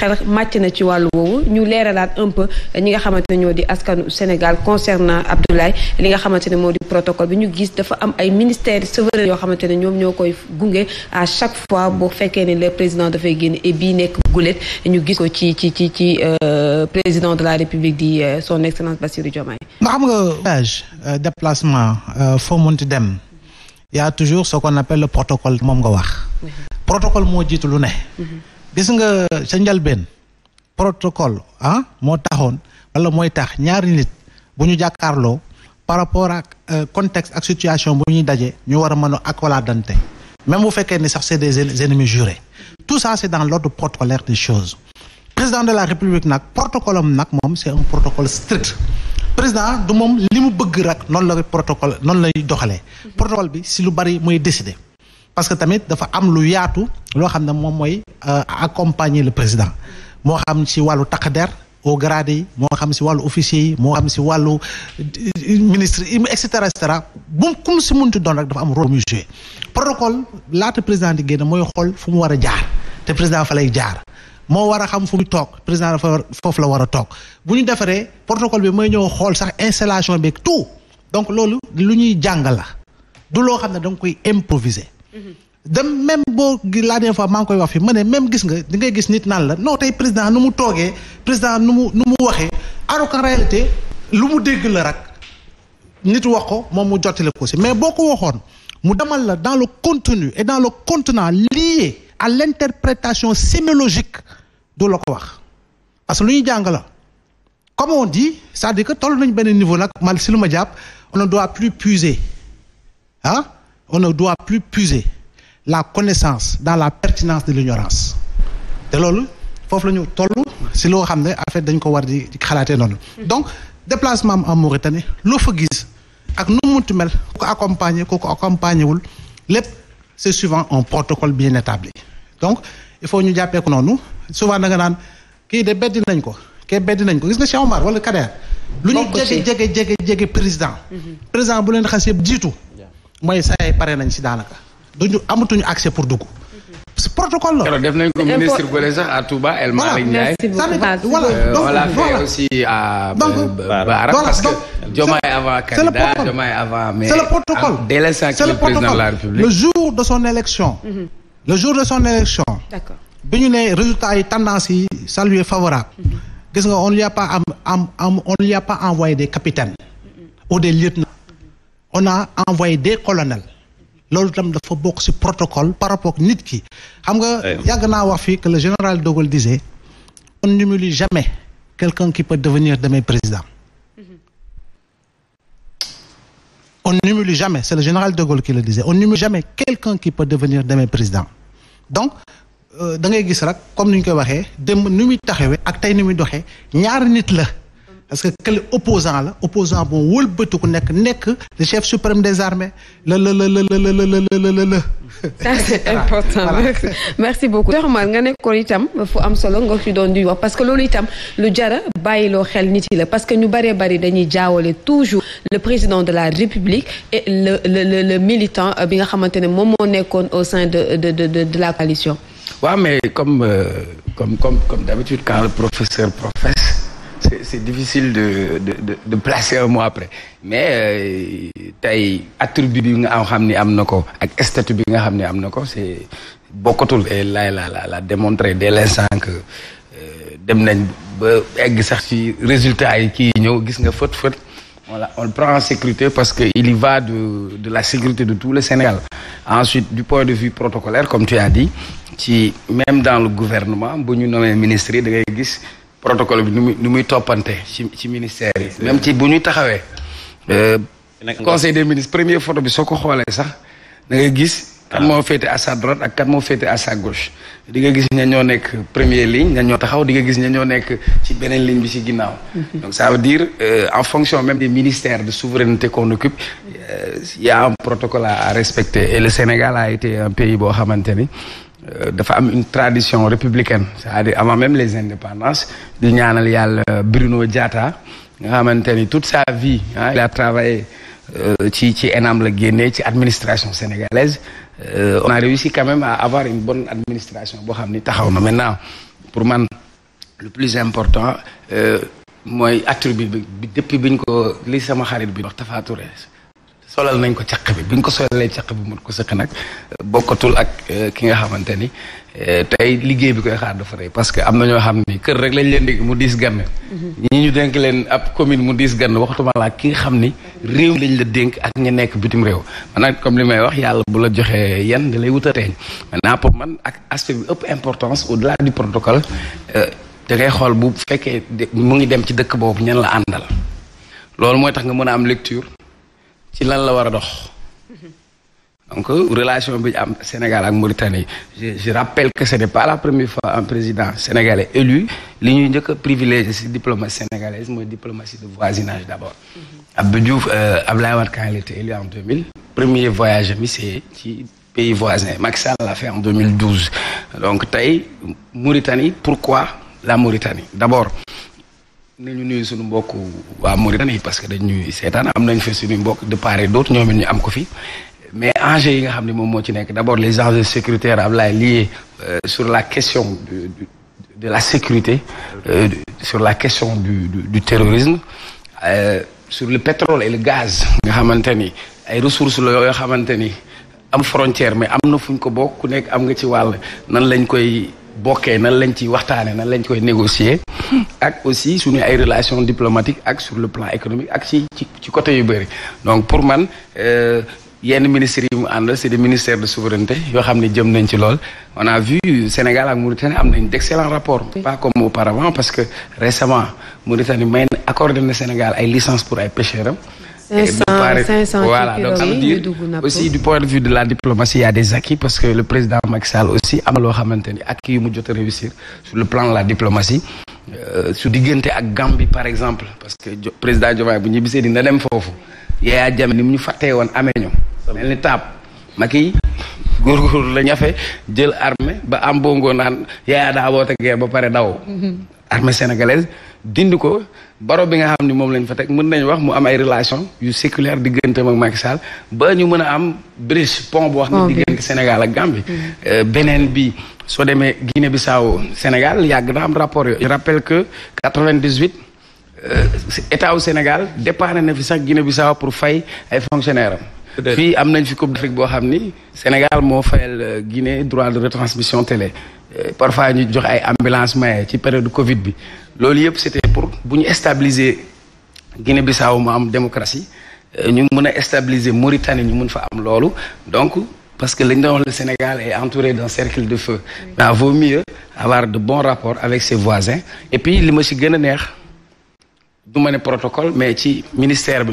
xel màcc na ci wàllu woowu ñu leeralaat un peu ñi nga xamante ne ñoo di askanu Sénégal concernant Abdoulaye li nga xamante ne moo di protocole bi ñu gis dafa am ay ministères souverains yoo xamante ne ñoom ñoo koy gunge à chaque fois boo fekkee ne le président dafay génne et bii nekk gulet ñu gis ko ci ci ci ci euh, président de la République di euh, son excellence Bassirou Diomaye. nga xam nga euh, déplacement foo munti dem y toujours ce qu'on appelle le moom nga wax mm-hmm. protocole moo jiitu lu ne mm-hmm. gis nga sa njalbeen protocole ah moo taxoon wala mooy tax ñaari nit bu ñu jàkkaarloo par rapport ak euh, contexte ak situation bu ñuy daje ñu war a mën a ak wala dante même bu fekkee ni sax c'est des ennemis jurés tout ça c'est dans l'ordre protocolaire des choses président de la république nag protocole am nag moom c'est un protocole strict président du moom li mu bëgg rek noonu la protocole noonu lay doxalee mm-hmm. protocole bi si lu bari muy décider parce que tamit dafa am lu yaatu loo xam ne moom mooy euh, accompagner le président moo xam si wàllu takk der au grade yi moo xam si wàllu officier yi moo xam si wàllu euh, ministre yi et cetera et cetera bu kum munti doon rek dafa am rôle muy joué protocole laata président di génn mooy xool fu mu war a jaar te président fa lay jaar moo war a xam fu mu toog président dafa foofu la war a toog bu ñu defaree protocole bi mooy ñëw xool sax installation bi tout donc loolu lu ñuy jàng Mm-hmm. dem même boo laa dernière fois maa ngi koy wax fii ma ne même gis nga di ngay gis nit naan la non tey président nu mu toogee président nu mu nu mu waxee alors réalité lu mu dégg la rek nit wax ko moom mu jottali ko si mais boo ko waxoon mu demal la dans le contenu et dans le contenant lié à l'interprétation sémiologique du la ko wax parce que lu ñuy jàng la comme on dit c'est-à-dire que toll nañ benn niveau nag man si lu ma jàpp on ne doit plus puiser on ne doit plus puiser la connaissance dans la pertinence de l'ignorance te loolu foofu la ñu toll si loo xam ne en fait dañ ko war di xalaatee noonu donc déplacement am en Mauritanie loo fa gis ak nu munti mel ko accompagner ku ko accompagner wul lépp c'est souvent un protocole bien établi donc il faut ñu jàppee ko noonu souvent da nga naan kii de beddi nañ ko kii beddi nañ ko gis nga Cheikh Omar wala Kader lu ñu jege jege jege jege président mhm. président bu mooy say pare nañ si daanaka duñu amatuñu accès pour dugg. protocole la. def nañ ko ministre Gole sax à Touba El Malick Ndiaye. donc parce que Diomaye avant candidat Diomaye mais. c'est le protocole c'est le protocole le jour de son élection. Mhm. le jour de son élection. d'accord bi ñu ne résultat ay tendance yi saluer favorable. Mhm. gis nga on am on lui a pas envoyé des capitaines. Mhm. ou des lieutenants. on a envoyé des colonels loolu tam dafa bokk ci protocole par rapport nit ki xam nga yàgg naa wax fii que le général de Gaulle disait on n'humilie jamais quelqu'un qui peut devenir demain président mm-hmm. on n'humilie jamais c'est le général de Gaulle qui le disait on n'humilie jamais quelqu'un qui peut devenir demain président donc euh, da ngay gis rek comme ni ñu koy waxee démb ni muy taxawee ak tey ni muy doxee ñaari nit la parce que quel opposant la opposant boo wëlbatu ku nekk nekk le chef suprême des armées la la la la la la la la ça c'est important merci beaucoup Dormal nga nekkoon itam fu am solo nga ci doon di wax parce que loolu itam lu jara bàyyiloo xel nit yi la parce que ñu bëree bëri dañuy jaawale toujours le président de la république et le le le le militant bi nga xamante ne moom moo nekkoon au sein de de de de la coalition waaw mais comme comme comme comme d'habitude quand le professeur c'est difficile de de de de placer un mot après mais euh, tey attribut bi nga xam ni am na ko ak statut bi nga xam ne am na ko c'est bokkatul. lay la la la la démontrer dès l'instant que euh, dem nañ ba egg sax ci résultat yi kii ñëw gis nga fët fët wala on le prend en sécurité parce que il y va de de la sécurité de tout le Sénégal ensuite du point de vue protocolaire comme tu as dit ci même dans le gouvernement bu ñu nommé ministre yi gis. protocole bi nu muy nu muy toppante ci ci ministère yi. même ci bu ñuy taxawee. Euh, conseil des ministres première photo bi soo ko xoolee sax da ngay gis. kan moo féete à droite ak kan moo féete à sa gauche. di nga gis ña ñoo nekk première ligne ña ñoo taxaw di nga gis ña ñoo nekk ci beneen ligne bi ci ginnaaw. Mhm. donc ça veut dire euh, en fonction même des ministère de souveraineté qu'on occupe. Euh, y a un protocole à respecter et le Sénégal a été un pays boo xamante ni. Euh, dafa am une tradition républicaine c'est-à-dire avant même les indépendances di ñaanal yàlla Bruno jaata nga xamante ni toute sa vie il a travaillé euh, ci ci ENAM la génnee ci administration sénégalaise euh, on a réussi quand même à avoir une bonne administration boo xam ni taxaw na maintenant pour man le plus important mooy attribut bi depuis biñ ko li sama xarit bi wax Tafa solal nañ ko caq bi bi ñu ko solalee caq bi mun ko sëq nag bokkatul ak eh, ki nga xamante ni eh, te ay liggéey bi koy xaar dafa rëy parce que am na ñoo xam ni kër rek lañ leen di mu diis gann mhm. ñu dénk leen ab commune mu diis gann waxtuma laa ki nga xam ni réew lañ la dénk ak ñu nekk bitim réew man nag comme li may wax yàlla bu la joxee yan da lay wut a teeñ pour man ak aspect bi ëpp importance au delà du protocole euh, da ngay xool bu fekkee mu ngi dem ci dëkk boobu ñan la àndal loolu mooy tax nga mën a am lecture ci lan la war a dox donc relation bi am Sénégal ak Mauritanie je je rappelle que ce n'est pas la première fois un président sénégalais élu li ñuy njëkk a privilégié ci diplomatie sénégalaise mooy diplomatie de voisinage d'abord. Mm-hmm. Abdou Diouf euh, Abdoulaye Wade quand il était élu en 2000 premier voyage mi c'est ci pays voisin Macky Sall l'a fait en douze donc tey Mauritanie pourquoi la Mauritanie d'abord. ni ñu nuyu suñu mbokk waa Mauritanie parce que dañ ñuy seetaan am nañ fa suñu mbokk de part et d'autre ñoom it ñu am ko fi mais enjeux yi nga xam ne moom moo ci nekk d'abord les enjeux sécuritaires Ablaye liés sur la question de la sécurité sur la question du du euh, terrorisme euh, sur le pétrole et le gaz nga xamante ni ay ressources la yoo xamante ni am frontière mais am na fu ko bokk ku nekk am nga ci wàll nan lañ koy bokkee nan lañ ci waxtaane nan lañ koy négocier ak aussi suñu ay relation diplomatiques ak sur le plan économique ak ci ci ci côté yu bëri donc pour man euh, yenn ministres yi mu àndal c'est des ministères de souveraineté yoo xam ne jëm nañ ci lool on a vu Sénégal ak Mauritanie am nañ de d'excellents rapport pas comme auparavant parce que récemment Mauritanie may na accordé na Sénégal ay licences pour ay pêcheurs am 500, paraît, 500 dire aussi du point de vue de la diplomatie il a des acquis parce que le président Macky Sall aussi am na loo xamante ni acquis yu mu jot a réussir le plan la diplomatie Euh, su diggante ak Gambie par exemple parce que président Diomaye bu ñu bisee dina dem foofu Yaya Jammeh ni mu ñu fattee woon amee ñu mel ni taab Macky góorgóorlu la ñafe jël armée ba am bongo naan Yaya daa woote guerre ba pare daw mm-hmm. armée sénégalaise dindi ko baro bi nga xam ni moom lañ fa teg mën nañ wax mu am ay relation yu séculaire digganteem ak Macky Sall ba ñu mën a am bridge pont boo wax ne diggante Sénégal ak Gambie mm-hmm. euh, beneen bi soo demee Guinée Bissau Sénégal yàgg na am rapport yooyu. je rappelle que 98 euh, état wu Sénégal dépanné na fi sax Guinée Bissau pour fay ay fonctionnaires am. fii am nañ fi Coupe d'Afrique boo xam ni Sénégal moo fayal euh, Guinée droit de retransmission télé. Euh, parfois ñu jox ay ambulance maye ci période Covid bi loolu yëpp c'était pour bu ñu stabiliser Guinée Bissau mu am démocratie ñu mën a stabiliser Mauritanie ñu mën fa am loolu donc. parce que lañ doon wax le Sénégal est entouré d'un cercle de feu mais vaut mieux avoir de bons rapports avec ses voisins et puis li ma gën a neex du ma ne protocole mais ci ministère bi